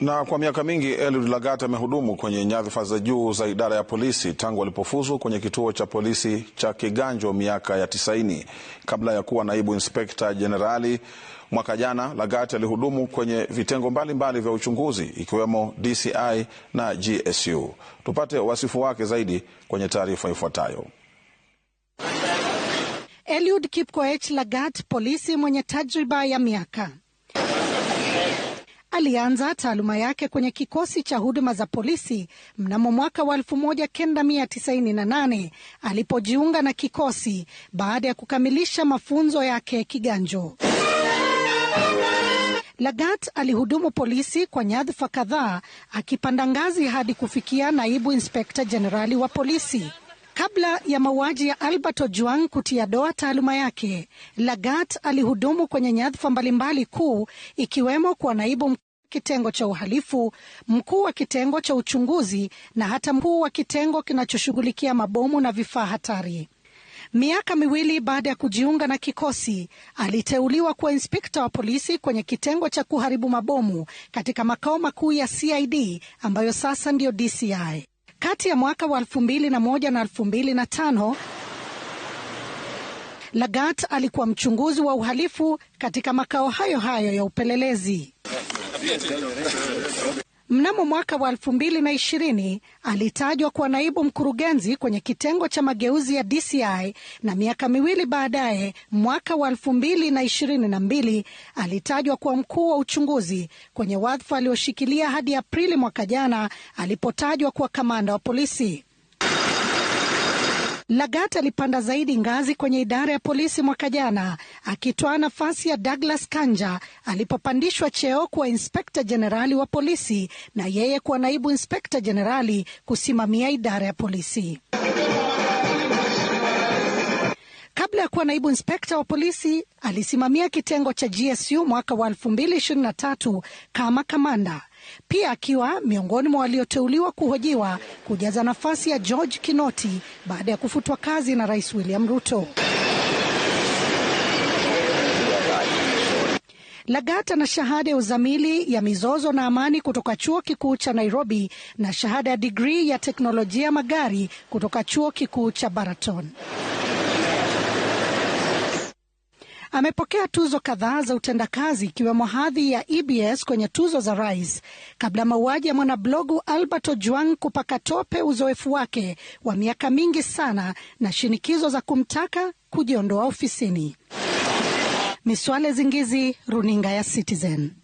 Na kwa miaka mingi Eliud Lagat amehudumu kwenye nyadhifa za juu za idara ya polisi tangu alipofuzu kwenye kituo cha polisi cha Kiganjo miaka ya tisaini. Kabla ya kuwa naibu inspekta jenerali mwaka jana, Lagat alihudumu kwenye vitengo mbalimbali mbali vya uchunguzi ikiwemo DCI na GSU. Tupate wasifu wake zaidi kwenye taarifa ifuatayo. Eliud Kipkoech Lagat, polisi mwenye tajriba ya miaka alianza taaluma yake kwenye kikosi cha huduma za polisi mnamo mwaka wa 1998 alipojiunga na kikosi baada ya kukamilisha mafunzo yake Kiganjo. Lagat alihudumu polisi kwa nyadhifa kadhaa akipanda ngazi hadi kufikia naibu inspekta jenerali wa polisi. Kabla ya mauaji ya Albert Ojwang kutia doa taaluma yake, Lagat alihudumu kwenye nyadhifa mbalimbali kuu ikiwemo kwa naibu kitengo cha uhalifu, mkuu wa kitengo cha uchunguzi na hata mkuu wa kitengo kinachoshughulikia mabomu na vifaa hatari. Miaka miwili baada ya kujiunga na kikosi, aliteuliwa kuwa inspekta wa polisi kwenye kitengo cha kuharibu mabomu katika makao makuu ya CID ambayo sasa ndiyo DCI. Kati ya mwaka wa 2001 na 2005 Lagat alikuwa mchunguzi wa uhalifu katika makao hayo hayo ya upelelezi. Mnamo mwaka wa elfu mbili na ishirini alitajwa kuwa naibu mkurugenzi kwenye kitengo cha mageuzi ya DCI na miaka miwili baadaye, mwaka wa elfu mbili na ishirini na mbili alitajwa kuwa mkuu wa uchunguzi kwenye wadhifa alioshikilia hadi Aprili mwaka jana alipotajwa kuwa kamanda wa polisi. Lagat alipanda zaidi ngazi kwenye idara ya polisi mwaka jana akitoa nafasi ya Douglas Kanja alipopandishwa cheo kuwa inspekta jenerali wa polisi na yeye kuwa naibu inspekta jenerali kusimamia idara ya polisi kabla ya kuwa naibu inspekta wa polisi alisimamia kitengo cha GSU mwaka wa 2023 kama kamanda, pia akiwa miongoni mwa walioteuliwa kuhojiwa kujaza nafasi ya George Kinoti baada ya kufutwa kazi na Rais William Ruto. Lagata na shahada ya uzamili ya mizozo na amani kutoka chuo kikuu cha Nairobi na shahada ya digrii ya teknolojia magari kutoka chuo kikuu cha Baraton. Amepokea tuzo kadhaa za utendakazi ikiwemo hadhi ya EBS kwenye tuzo za Rais kabla mauaji ya mwanablogu Albert Ojwang kupaka tope uzoefu wake wa miaka mingi sana na shinikizo za kumtaka kujiondoa ofisini. Miswale Zingizi, runinga ya Citizen.